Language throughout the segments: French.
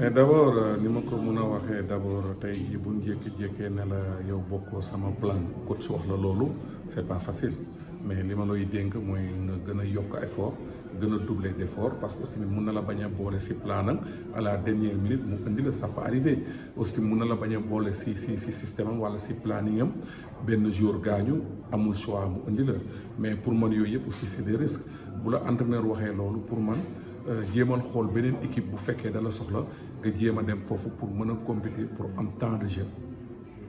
mais d'abord euh, ni ma ko mën a waxee d'abord tey jii bu ñu jékkee ne la yow bokkoo sama plan coach wax la loolu c'est pas facile mais li ma lay dénk mooy nga gën a yokk effort gën a doubler d'effort parce que aussi mun na la bañ a boole si plan am à la dernière minute la ça peut aussi mun na la bañ a boole si si si système am wala si planning am benn jour gaañu amul choix mu indi la mais pour man yooyu yëpp aussi c'est des risques bu la entraîneur waxee loolu pour man. Euh, jéemal xool beneen équipe bu fekkee dala soxla nga jéem a dem foofu pour mën a compétir pour am temps de jeu.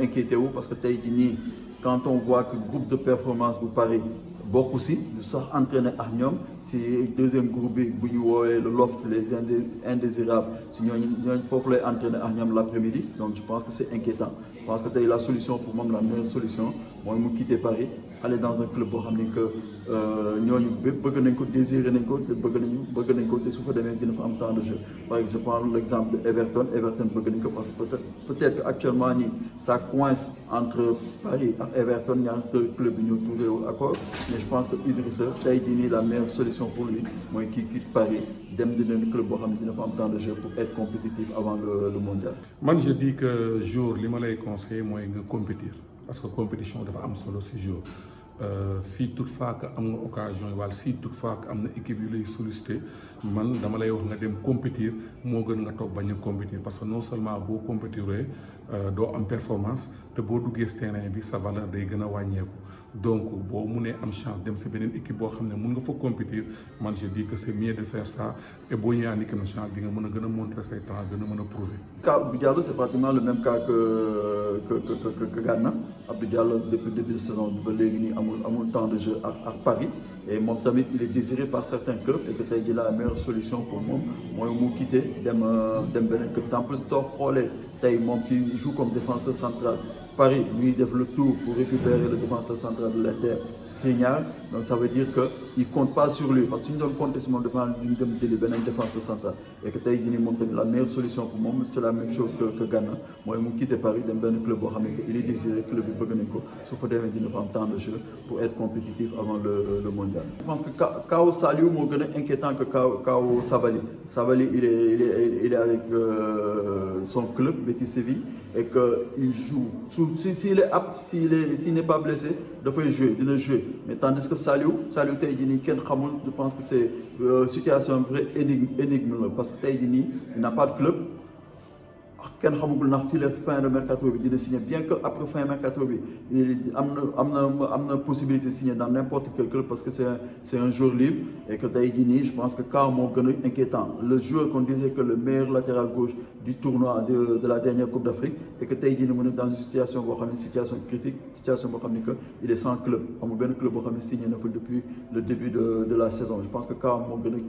inquiétez-vous parce que Taïdini, quand on voit que le groupe de performance vous paraît beaucoup aussi nous ça entraîné à si deuxième groupe qui le loft les indésirables si avons une à lay entraîner laprès midi donc je pense que c'est inquiétant je pense que c'est la solution pour moi. la meilleure solution Moi, mu quitter Paris aller dans un club pour ramener que euh, ñooñu bëgg nañ ko désiré nañ ko te bëgg temps de jeu par exemple je prends l'exemple d'Everton, Everton Everton parce que peut être actuellement ça coince entre Paris et Everton un club qui qui trouvé accord mais je pense que Idrissa c'est la meilleure solution pression pour lui Moi qui quitte Paris dem dina ne club boo xam ne dina fa am temps de jeu pour être compétitif avant le le mondial. man je dis que jour li ma lay conseiller mooy nga compétir parce que compétition dafa am solo si jour euh, si toutefois que am nga occasion yi wala si toutefois que am équipe yu lay sollicité man dama lay wax nga dem compétir moo gën nga toog bañ compétir parce que non seulement compétir euh, doo am performance te beau du terrain bi sa valeur day gën a donc bon, munee am chance dem sa beneen équipe boo xam ne mun nga fa compétir man je dis que c'est mieux de faire ça et bon, il y a nationale di nga mën a gën montrer say temps gën a mën a prouver. cas c'est pratiquement le même cas que que que que que Gana Abdou Diallo depuis début de saison ba à mon amul amul temps de jeu à à Paris et mon tamit il est désiré par certains clubs et que tey est la meilleure solution pour moi moi je quitter d'un d'un bel club en plus soo joue comme défenseur central Paris lui il le tour pour récupérer le défenseur central de l'Inter Skriniar donc ça veut dire qu'il ne compte pas sur lui parce qu'il donne compte pas sur si défenseur central et que tey est la meilleure solution pour moi c'est la même chose que que Ghana je mu quitter Paris d'un bel club il est désiré club le club sauf ko su fa temps de jeu pour être compétitif avant le le mondial. Je pense que Kao Saliou est inquiétant que Kao Savali. Savali, il est avec euh, son club Betis Séville et qu'il il joue s'il est apte s'il n'est pas blessé il jouer jouer mais tandis que Saliou Saliou Taïdini, je pense que c'est une euh, situation vraie énigme parce que Taïdini, il n'a pas de club kenn xamagul ndax fii fin de mercato bi dina signé bien que après fin mercato bi dans n'importe quel club parce que c'est un jour libre et que tey je pense que Karl moo gën inquiétant le joueur qu'on disait que le meilleur latéral gauche du tournoi de la dernière Coupe d'Afrique et que tey jii dans une situation boo xam situation critique situation boo il est sans club amul benn club signé depuis le début de la saison je pense que Karl moo gën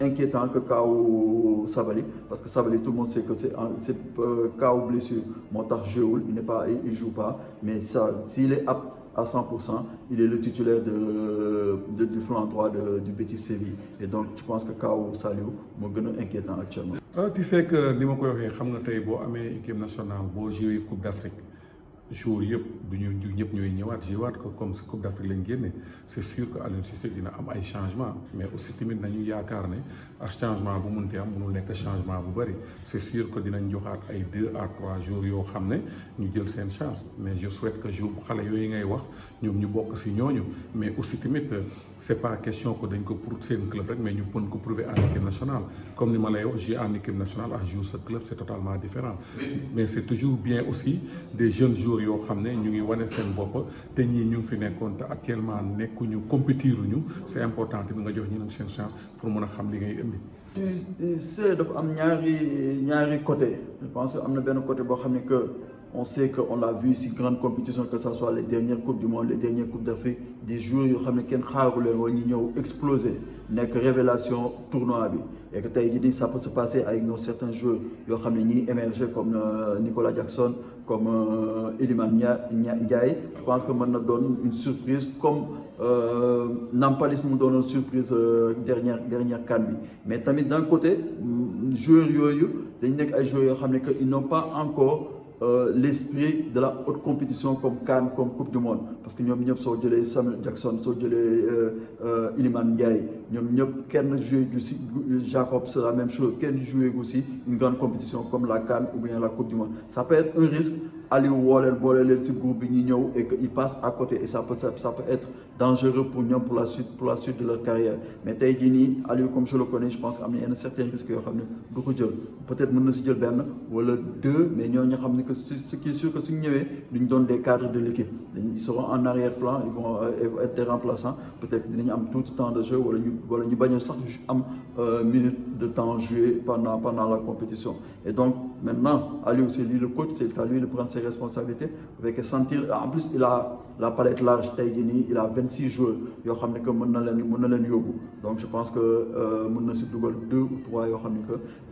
inquiétant que K.O. Savali, parce que Savali, tout le monde sait que c'est euh, Kao blessure. Montage il n'est pas, il, joue pas, mais s'il est apte à 100%, il est le titulaire de, du flanc droit de, du petit Séville. Et donc, je pense que K.O. où Saliou, c'est inquiétant actuellement. Euh, tu sais que, je sais que, tu sais que, tu sais que, tu jour yëpp du ñu du ñëpp ñooy ñëwaat waat ko comme Coupe d'Afrique lañ génne c'est sûr que Aliou Cissé dina am ay changement mais aussi tamit nañu yaakaar né ak changement bu munte am mënul nekk changement bu bari c'est sûr que dinañ joxaat ay deux à trois jours yo xamné ñu jël seen chance mais je souhaite que jour xalé yoy ngay wax ñom ñu bok ci ñoñu mais aussi tamit c'est pas question que dañ ko pour seen club rek mais ñu pon ko prouver en équipe nationale comme ni ma lay wax j'ai en équipe nationale à jouer ce club c'est totalement différent mais c'est toujours bien aussi des jeunes joueurs yoo xam ne ñu ngi wane seen bopp te ñii ñu ngi fi nekkoon te actuellement nekkuñu compétiruñu c'est important tamit nga jox ñu ñeneen seen chance pour mën a xam li ngay indi. ci dafa am ñaari ñaari côté je pense am na benn côté boo xam ne que. On sait qu'on a vu si grande compétition que ce soit les dernières Coupes du Monde, les dernières Coupes d'Afrique, des joueurs qui ont explosé, C'est une révélation tournoi. Et que ça peut se passer avec certains joueurs qui ont émergé comme euh, Nicolas Jackson, comme euh, Eliman Ndiaye. Je pense que ça donne une surprise comme euh, Nampalis nous donne une surprise dernière dernière mais d'un côté mm, joueurs joueurs xamné ils n'ont pas encore euh, l'esprit de la haute compétition comme Cannes, comme Coupe du Monde parce que nous avons soo jëlee Samuel Jackson euh, euh, Iliman Ndiaye Nous avons kenn joué aussi, Jacob c'est la même chose kenn joue aussi une grande compétition comme la Cannes ou bien la Coupe du Monde ça peut être un risque Aliou Waller Waller, et qu'ils passent à côté et ça peut ça peut être dangereux pour pour la suite pour la suite de leur carrière mais comme je le connais je pense qu'il y a un certain risque. peut-être que na si jël deux mais nous on que ce qui est sûr que suñu que nous doon des cadres de l'équipe ils seront en arrière-plan ils vont euh, être des remplaçants peut-être qu'ils am tout le temps de jeu wala ñu wala ñu bañ euh, de temps joué pendant pendant la compétition et donc maintenant Aliou c'est lui le coach c'est lui le principal responsabilités avec sentir ah, en plus il a la palette large Taïgénie, il a 26 joueurs donc je pense que euh, mën deux ou trois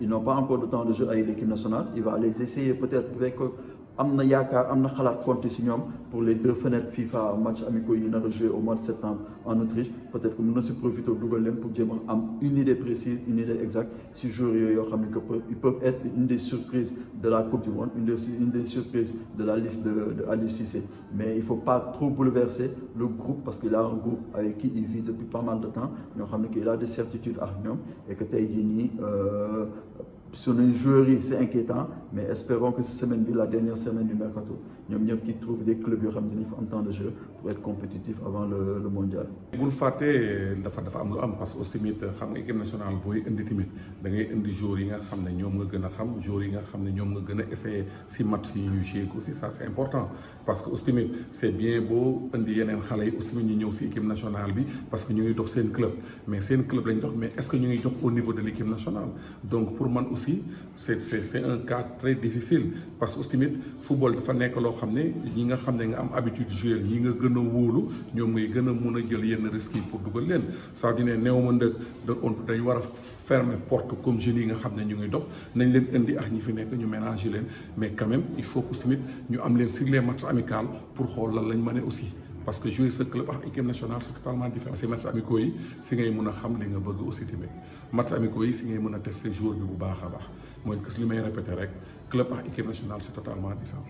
ils n'ont pas encore de temps de jeu avec l'équipe nationale il va les essayer peut-être avec il y yaakaar amna xalaat pour les deux fenêtres FIFA match amicaux yi a joué au mois de septembre en Autriche peut-être que nous na si profité pour jéem am une idée précise une idée exacte si joueurs yooyu yoo ils peuvent être une des surprises de la coupe du monde une des surprises de la liste de de mais il ne faut pas trop bouleverser le groupe parce qu'il a un groupe avec qui il vit depuis pas mal de temps ñoo xam il a des certitudes à ñoom et que tey jii nii les euh, joueurs c'est inquiétant mais espérons que cette semaine là la dernière semaine du mercato ñoom ñëpp qui trouve des clubs qui xam en dañu temps de jeu pour être compétitifs avant le le mondial. bul fàtte dafa am parce que aussi tamit xam équipe nationale booy indi tamit da ngay indi joueurs yi nga xam ne ñoom nga gën a xam joueurs yi nga xam ne nga essayé si match yi ñu joué aussi ça c'est important parce que aussi c'est bien beau indi yeneen xale yi aussi ñu ñëw équipe nationale bi parce que ñu ngi dox club mais c'est un club lañ mais est ce que ñu ngi au niveau de l'équipe nationale donc pour moi aussi c'est c'est un cadre très difficile parce que aussi football dafa nekk loo xam ne ñi nga xamné nga am habitude jouer ñi nga gëna wolu ñom ngay gëna mëna jël yenn risque pour dugal leen ça veut néwuma ndëk néew dañ wara fermer porte comme jeune yi nga xamné ñu ngi dox nañ leen indi ak ñi fi nek ñu ménager leen mais quand même il faut que aussi ñu am leen sur les matchs amicaux pour xol lan lañ mën aussi parce que jouer sa club ak équipe nationale c'est totalement différent si match amicaux yi si ngay mun a xam li nga bëgg aussi tamit match amicaux yi si ngay mun a tester joueur bi bu baax a baax mooy que li may répété rek club ak équipe nationale c'est totalement différent